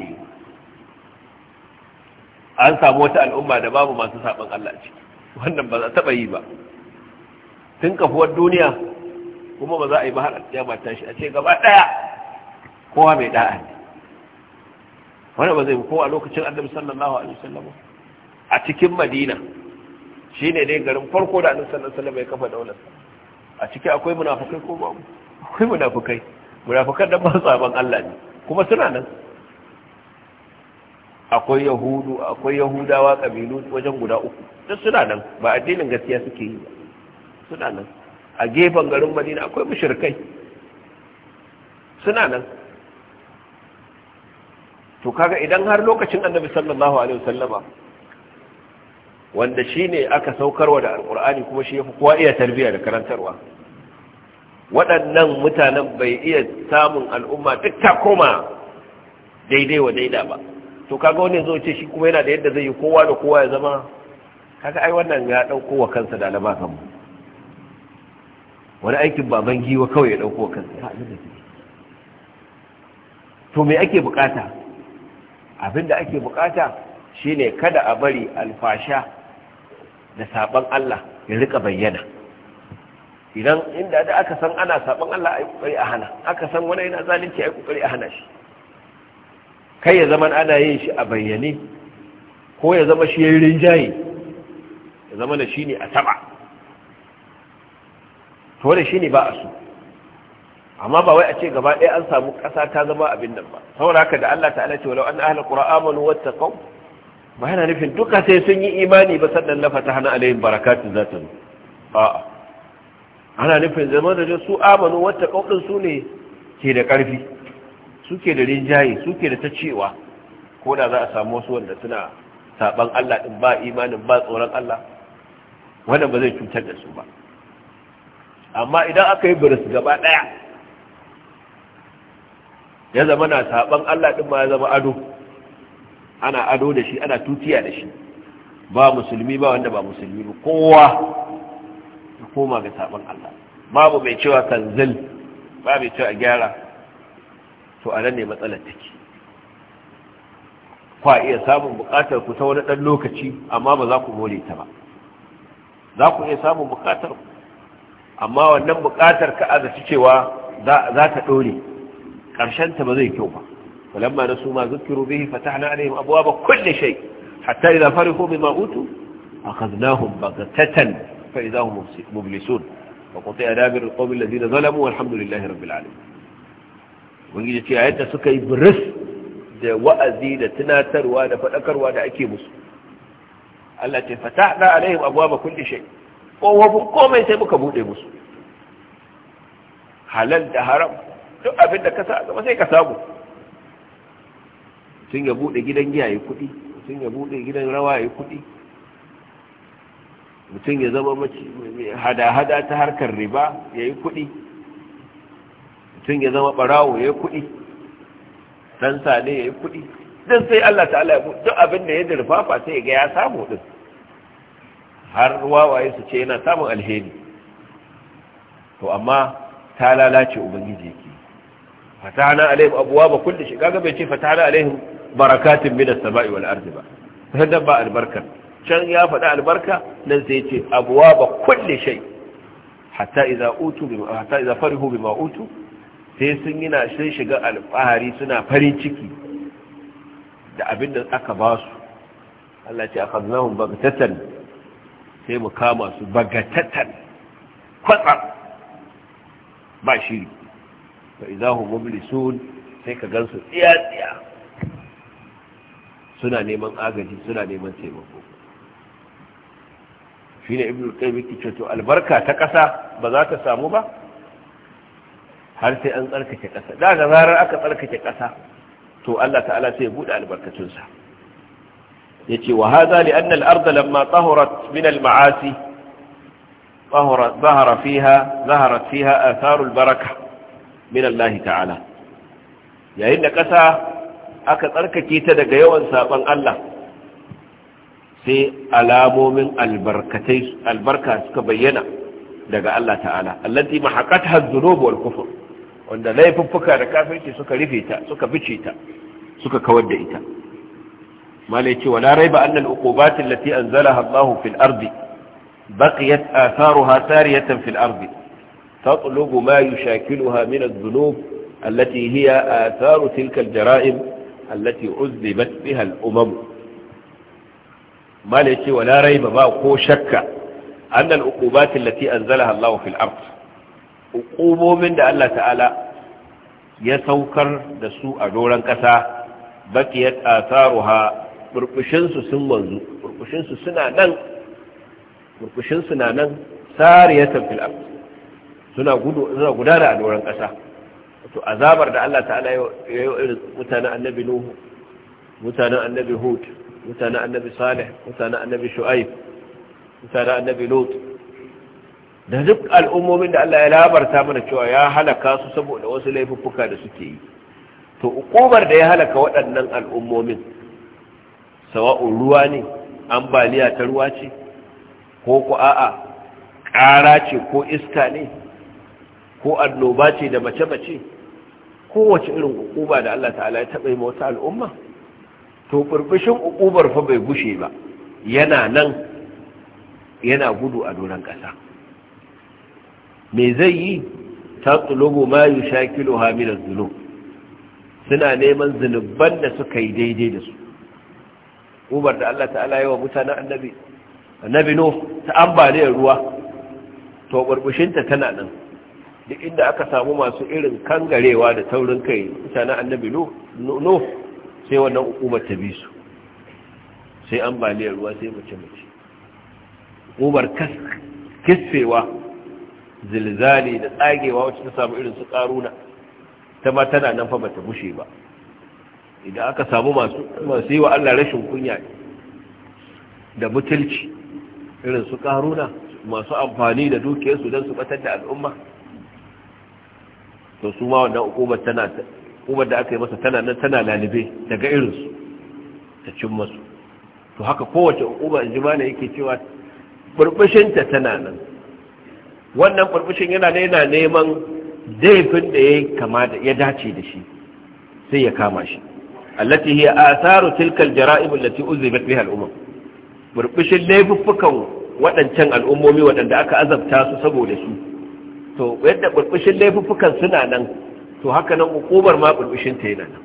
S2: an samu wata al'umma da babu masu saban Allah ce wannan ba za taba yi ba tun kafuwar duniya kuma ba za a yi ba har alƙiyama tashi a ce gaba daya kowa mai da'a ne wannan ba zai ko a lokacin Annabi sallallahu alaihi wasallam a cikin Madina Shi ne dai garin farko da annabi sallallahu alaihi wasallam ya kafa daular a ciki akwai munafukai ko babu akwai munafukai. munafukan da ba saban Allah ne kuma suna nan akwai yahudu akwai yahudawa kabilu wajen guda uku duk suna nan ba addinin gaskiya suke yi ba suna nan a gefen garin madina akwai mushrikai suna nan to kaga idan har lokacin annabi sallallahu alaihi wasallama wanda shi ne aka saukarwa da alkur'ani kuma shi ya fi kowa iya tarbiyya da karantarwa waɗannan mutanen bai iya samun al'umma duk ta koma daidai wa daida ba to kaga wani zo ce shi kuma yana da yadda zai yi kowa da kowa ya zama kaga ai wannan ya ɗauko wa kansa da alama kan mu wani aikin baban giwa kawai ya ɗauko wa kansa to me ake bukata abinda ake bukata shine kada a bari alfasha da saban Allah ya rika bayyana idan inda da aka san ana saban Allah ai ƙoƙari a hana aka san wani yana zalunci ai ƙoƙari a hana shi kai ya zama ana yin shi a bayyane ko ya zama shi ya yi rinjaye ya zama da shi ne a saba to da shi ne ba a so amma ba wai a ce gaba ɗaya an samu ƙasa ta zama abin nan ba saboda haka da Allah ta'ala ce walau an ahlul wata wattaqu ba yana nufin duka sai sun yi imani ba sannan na fata hana alayhin barakatun za ta zo a'a ana nufin zama da su amanu wata kaudin su ne ke da karfi suke da rinjaye suke da ta cewa ko da za a samu wasu wanda suna saban Allah din ba imanin ba tsoron Allah wannan ba zai cutar da su ba amma idan aka yi biris gaba daya ya zama na saban Allah din ma ya zama ado ana ado da shi ana tutiya da shi ba musulmi ba wanda ba musulmi ba kowa ya koma ga sabon Allah babu mai cewa tanzil ba mai cewa gyara to a nan ne matsalar take kwa iya samun bukatar ku ta wani ɗan lokaci amma ba za ku more ta ba za ku iya samun bukatar ku amma wannan bukatar ka azaci cewa za ta ɗore ƙarshenta ba zai kyau ba ولما نسوا ما ذكروا به فتحنا عليهم أبواب كل شيء حتى إذا فرحوا بما أوتوا أخذناهم بغتة فإذا هم مبلسون وقطع دابر القوم الذين ظلموا والحمد لله رب العالمين wani ce a yadda suka yi biris da wa'azi da tunatarwa da faɗakarwa da ake musu Allah ce fata na alayhim abuwa ba shai ƙowafin komai sai muka buɗe musu halal da haram duk abinda kasa gaba sai ka samu mutum ya bude gidan giya ya kuɗi mutum ya bude gidan rawa ya kuɗi mutum ya zama hada-hada ta harkar riba ya yi kuɗi mutum ya zama ɓarawo ya yi kuɗi ɗan sane ya yi kuɗi don sai Allah ta'ala ya don abin da ya dirfafa sai ya ga ya samu ɗin har wawaye su ce yana samun alheri to amma ta lalace ubangiji fata na alaihim abuwa ba kulle shi kaga bai ce fatana alaihim barakatin min da samai wal ardi ba hada ba albarka can ya faɗa albarka nan sai yace ba kulli shay hatta idza utu hatta idza farihu bima utu sai sun yi na sun shiga alfahari suna farin ciki da abin da aka ba su Allah ce akhadnahum bagatatan sai mu kama su bagatatan kwatsa ba shiri fa idza hum mublisun sai ka gansu tsiya tsiya suna neman agaji suna neman taimako shi ne ibn al-qayyim yake to albarka ta kasa ba za ta samu ba har sai an tsarkake kasa da ga zarar aka tsarkake kasa to Allah ta'ala sai ya bude sa yace wa hadha li anna al-ard lamma tahurat min al-ma'asi tahurat zahara fiha zaharat fiha atharu al-baraka min Allah ta'ala yayin da kasa aka tsarkake ta daga yawan saban Allah sai alamomin albarka suka bayyana daga Allah ta'ala allati mahaqatha adh-dhunub wal kufr wanda laifuffuka da kafirci suka rufe ta suka bice ta suka kawar da ita malai ce wala raiba annal uqubat allati anzalaha Allah fil ardi baqiyat atharuha sariyatan fil ardi تطلب ما يشاكلها من الذنوب التي هي آثار تلك الجرائم allati uzzibat biha al-umam mala wala raiba ba ko shakka anna al-uqubat allati anzalaha Allah fil ard uqubomin da Allah ta'ala ya saukar da su a doran kasa baqiyat atharuha burbushin su sun wanzu burbushin suna nan suna gudana a doran ƙasa to azabar da Allah ta'ala ya yi irin mutanen annabi nuhu mutanen annabi hud mutanen annabi salih mutanen annabi shu'aib mutanen annabi lut da duk al'ummomin da Allah ya labarta mana cewa ya halaka su saboda wasu laifuffuka da suke yi to ukubar da ya halaka waɗannan al'ummomin sawa'un ruwa ne ambaliya ta ruwa ce ko ku a'a ƙara ce ko iska ne ko annoba ce da mace-mace kowace irin ukuba da Allah ta'ala ya taɓa yi wata al'umma to burbushin ukubar fa bai gushe ba yana nan yana gudu a doron ƙasa me zai yi ta tsulubu ma yi shakilu hamilar zulu? suna neman zunuban da suka yi daidai da su ubar da Allah ta'ala yi wa mutanen annabi ta ambaliyar ruwa to burbushinta tana nan duk inda aka samu masu irin kangarewa da taurin kai mutane annabi no sai wannan hukumar ta bi su sai ambaliyar ruwa sai mace-mace hukumar kasfewa zilzali da tsagewa wacce ta samu irin su karuna ta ma tana nan fa ba ta bushe ba idan aka samu masu yi wa Allah rashin kunya da butulci irin su karuna masu amfani da dukiyarsu don su batar da al'umma to su ma wannan hukumar tana hukumar da aka yi masa tana nan tana lalibe daga irinsu ta cin masu to haka kowace hukumar in ji mana yake cewa burbushinta tana nan wannan burbushin yana ne yana neman daifin da ya kama da ya dace da shi sai ya kama shi allati hiya atharu tilkal jara'ib allati uzibat biha al-umam burbushin laifuffukan waɗancan al'ummomi waɗanda aka azabta su saboda su to yadda burbushin laifuffukan suna nan to haka nan ukubar ma burbushin ta yana nan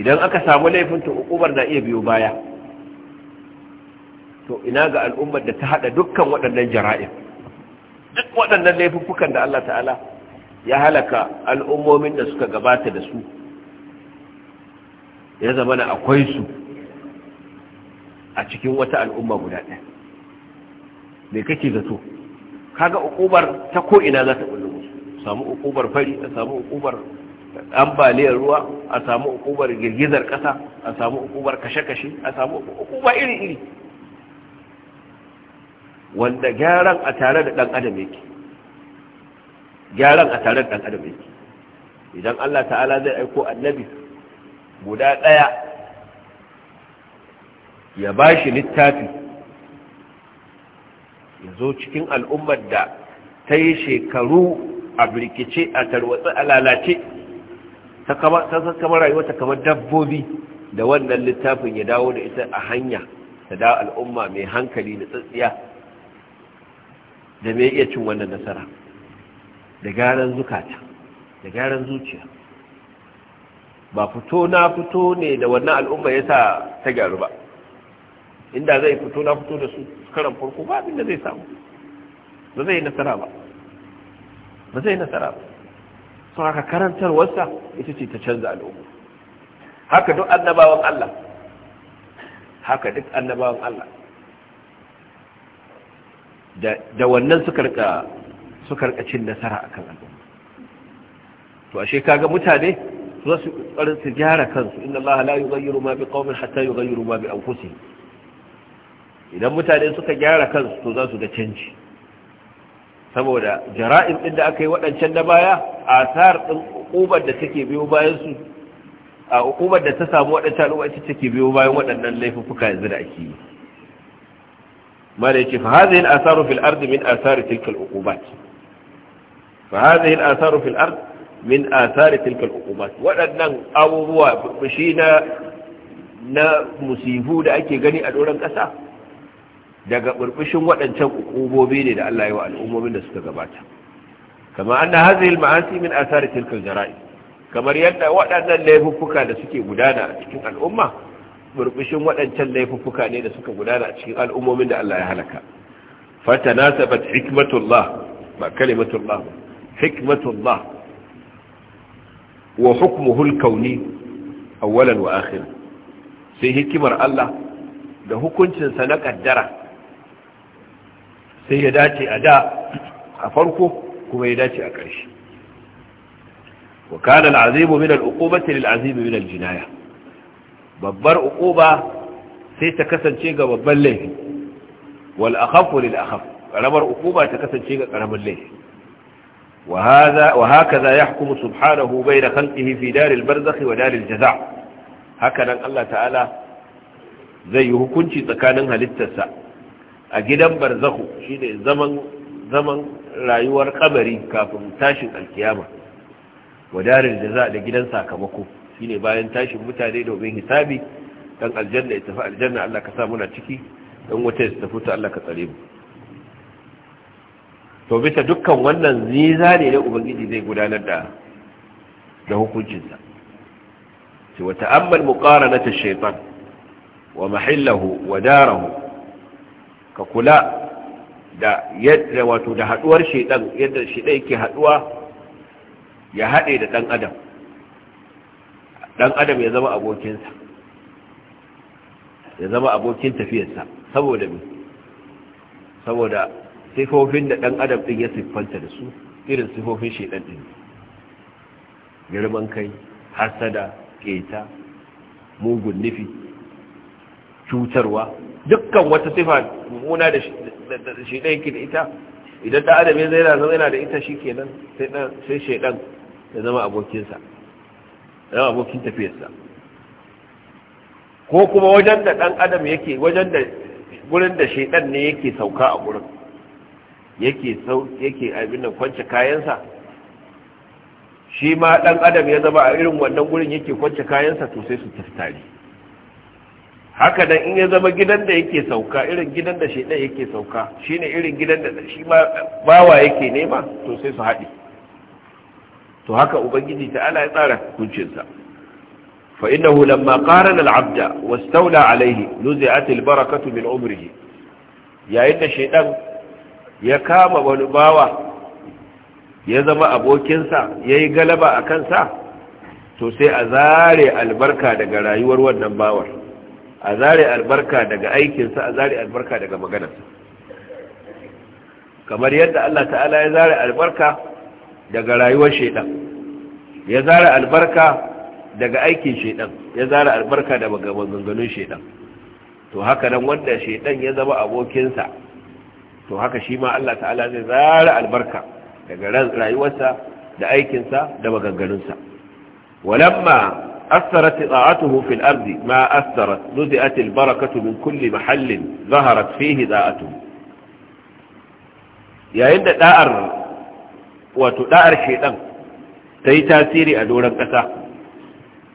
S2: idan aka samu laifin to ukubar na iya biyo baya to ina ga al'ummar da ta haɗa dukkan waɗannan jara'in duk waɗannan laifuffukan da Allah ta'ala ya halaka al'ummomin da suka gabata da su ya zama na akwai su a cikin wata al'umma guda ɗaya mai kake zato kaga ukubar ta ko ina za ta bulu samu ukubar fari a samu ukubar ambaliyar ruwa a samu ukubar girgizar kasa a samu ukubar kashe-kashe a samu
S1: ukuba iri-iri
S2: wanda gyaran a tare da dan adam yake gyaran a tare da dan adam yake idan Allah ta'ala zai aiko annabi guda daya ya bashi littafi zo cikin al'ummar da ta yi shekaru a birkice a tarwatsa a lalace ta kama rayuwata kamar dabbobi da wannan littafin ya dawo da ita a hanya ta dawo al'umma mai hankali da tsatsiya da mai iya cin wannan nasara da gyaran zukata da gyaran zuciya ba fito na fito ne da wannan al'umma ya sa ta gyaru ba inda zai fito na fito da su karan farko ba abin da zai samu ba zai nasara ba ba zai nasara ba sun haka karantarwarsa ita ce ta canza al'umma haka duk annabawan Allah haka duk annabawan Allah da wannan suka rika cin nasara akan al'umma to ashe kaga mutane su su su gyara kansu inna Allah la yughayyiru ma biqaumin hatta yughayyiru ma bi anfusihim idan mutane suka gyara kansu to za su ga canji saboda jara'in inda aka yi waɗancan na baya asar ɗin hukumar da take biyo bayan su a hukumar da ta samu waɗancan al'umma ita take biyo bayan waɗannan laifuffuka yanzu da ake yi mala yace fa hadhihi yin atharu fil ard min athar tilka al fa hadhihi yin atharu fil ard min athar tilka al waɗannan abubuwa fushi na na musibu da ake gani a doron ƙasa daga burbushin waɗancan ukubobi ne da Allah ya wa al'ummomin da suka gabata Kamar an na al-ma'asi min athari tilka jarai kamar yadda waɗannan laifuffuka da suke gudana a cikin al'umma burbushin waɗancan laifuffuka ne da suka gudana a cikin al'ummomin da Allah ya halaka fatanasabat hikmatullah ba kalimatullah hikmatullah wa hukmuhu al-kauni awwalan wa akhiran sai hikimar Allah da hukuncinsa na kaddara sai ya dace a da a farko kuma ya dace a ƙarshe wa kana al'azibu min al'uqubati lil azimi min al jinaya babbar uquba sai ta kasance ga babban laifi wal akhafu lil akhaf karamar uquba ta kasance ga karamar laifi wa hadha wa hakaza yahkumu subhanahu bayna khalqihi fi dar al barzakh wa dar al jazaa haka nan Allah ta'ala zai yi hukunci tsakanin halittarsa a gidan barzahu shi ne zaman rayuwar kabari kafin tashin alkiyama wadarin da za da gidan sakamako shine bayan tashin mutane domin hisabi don aljanna ya tafi aljanna Allah ka sa muna ciki don wata ya tafi ta Allah ka tsare mu to bisa dukkan wannan ziza ne da ubangiji zai gudanar da da hukuncinsa ce mukara na ta shaitan wa mahillahu wa darahu ka kula da yadda wato da haduwar shedan yadda shedan yake haduwa ya hade da dan adam dan adam ya zama abokinsa ya zama abokin tafiyarsa saboda me saboda sifofin da dan adam din ya siffanta da su irin sifofin shedan din girman kai hasada keta mugun nufi cutarwa dukkan wata sifa muna da shi yake da ita idan da adam ya zaina zama yana da ita shi kenan sai shaidan ya zama abokinsa zama abokin tafiyarsa ko kuma wajen da dan adam yake wajen da gurin da shaidan ne yake sauka a gurin yake yake abin da kwance kayansa shi ma dan adam ya zama a irin wannan gurin yake kwance kayansa to sai su tafi tare haka dan in ya zama gidan da yake sauka irin gidan da shaidan yake sauka shine irin gidan da shi ma bawa yake nema to sai su haɗe to haka ubangiji ta ala ya tsara hukuncinsa fa innahu lamma qarana al-abda wastawla alayhi nuzi'at al-barakatu min umrihi yayin da shaidan ya kama wani bawa ya zama abokinsa yayi galaba a kansa to sai a zare albarka daga rayuwar wannan bawar a zare albarka daga aikinsa a zare albarka daga maganarsa kamar yadda Allah ta'ala ya zare albarka daga rayuwar shaidan ya zare albarka daga aikin shaidan ya zare albarka daga maganganun shaidan to haka nan wanda shaidan ya zama abokinsa to haka shi ma Allah ta'ala zai zare albarka daga rayuwarsa da aikinsa da maganganunsa walamma أثرت إضاعته في الأرض ما أثرت نزئت البركة من كل محل ظهرت فيه إضاءته يا إن دائر وتدائر شيطان تي تاثيري أدورا كسا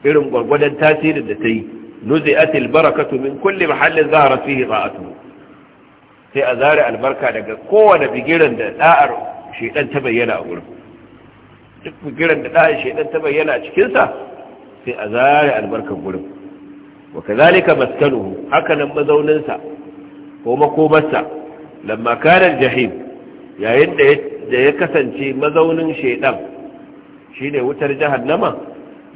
S2: إرم قرقودا تاثير التي نزئت البركة من كل محل ظهرت فيه إضاءته في أزارع البركة لك قوة kowane bigiran شيئا تبين أقول ta bayyana a wurin duk bigiran sai a zare albarkar gurin wa kazalika maskanuhu haka nan mazauninsa ko makomarsa lamma kana jahim yayin da ya kasance mazaunin shaidan shine wutar jahannama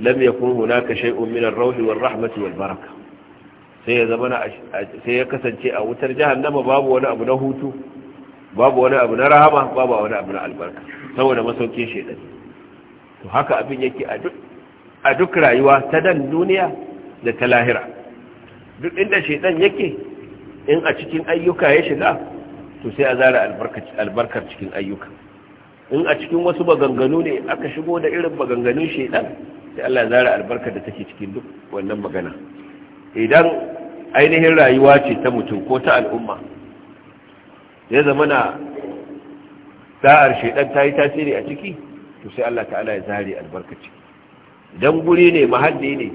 S2: lam yakun hunaka shay'un min ar-rawhi war-rahmati wal-baraka sai ya zama sai ya kasance a wutar jahannama babu wani abu na hutu babu wani abu na rahama babu wani abu na albarka saboda masaukin shaidan to haka abin yake a duk a duk rayuwa ta dan duniya da ta lahira duk inda shaitan yake in a cikin ayyuka ya shiga to sai a zara albarkar cikin ayyuka in a cikin wasu maganganu ne aka shigo da irin maganganun shaitan sai Allah zara albarkar da take cikin duk wannan magana idan ainihin rayuwa ce ta mutum ko ta al'umma ya zama na da'ar shaidan ta yi tasiri a ciki to sai Allah ta'ala ya zare albarkaci idan guri ne mahalli ne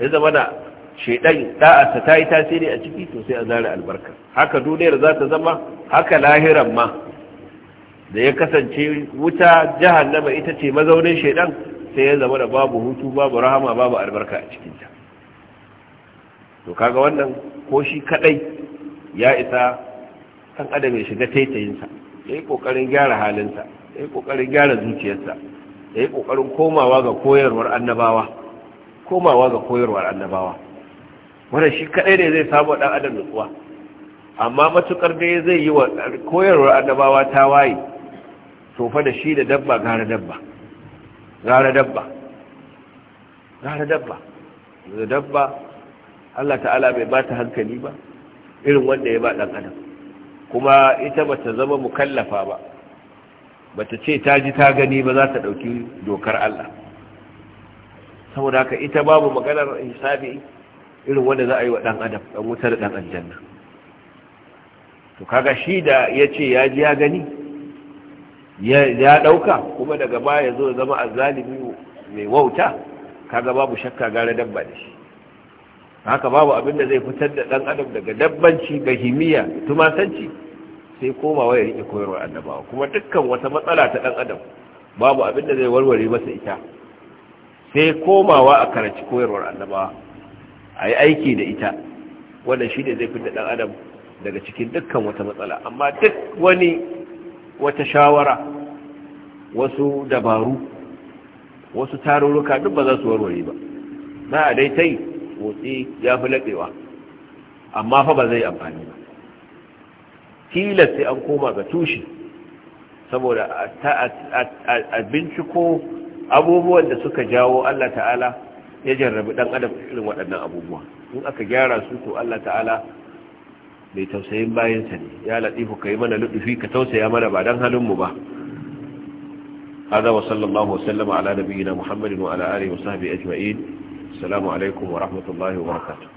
S2: ya zama da shaidan da'arsa ta yi tasiri a ciki to sai a zara albarka haka duniyar za ta zama haka lahiran ma da ya kasance wuta jahannama ita ce mazaunin shaidan sai ya zama da babu hutu babu rahama babu albarka a cikinta to kaga wannan ko shi kadai ya isa kan adam ya shiga taitayinsa ya yi kokarin gyara halinsa ya yi kokarin gyara zuciyarsa ya ƙoƙarin komawa ga koyarwar annabawa komawa ga koyarwar annabawa shi kaɗai ne zai samu ɗan adam nutsuwa amma matuƙar ne zai yi wa koyarwar annabawa ta waye tofa da shi da dabba gara dabba gara dabba gara dabba da dabba Allah ta'ala bai bata hankali ba irin wanda ya ba ɗan adam kuma ita ba ta zama mukallafa ba bata ce ta ji ta gani ba za ta ɗauki dokar Allah saboda haka ita babu maganar hisabi irin wanda za a yi wa ɗan adam ɗan wutar ɗan aljanna to kaga shi da ya ce ya ji ya gani ya ɗauka kuma daga baya zo zama a zalibi mai wauta kaga babu shakka gara dabba da shi haka babu abin da zai fitar da ɗan adam daga dabbanci ga himiyya tumasanci sai komawa ya rike koyarwar annabawa kuma dukkan wata matsala ta dan adam babu abin da zai warware masa ita sai komawa a karanci koyarwar annabawa a yi aiki da ita wannan shi ne zai fi da ɗan adam daga cikin dukkan wata matsala amma duk wani wata shawara wasu dabaru wasu tarurruka duk ba za su warware ba na a dai tai motsi ya fi laɓewa amma fa ba zai amfani ba tilas sai an koma ga tushe saboda a binciko abubuwan da suka jawo Allah ta'ala ya jarrabi dan adam irin waɗannan abubuwa in aka gyara su to Allah ta'ala mai tausayin bayansa ne ya latifu ka yi mana luɗufi ka tausaya mana ba don halinmu ba هذا وصلى الله وسلم على نبينا محمد وعلى آله وصحبه أجمعين السلام عليكم ورحمة الله وبركاته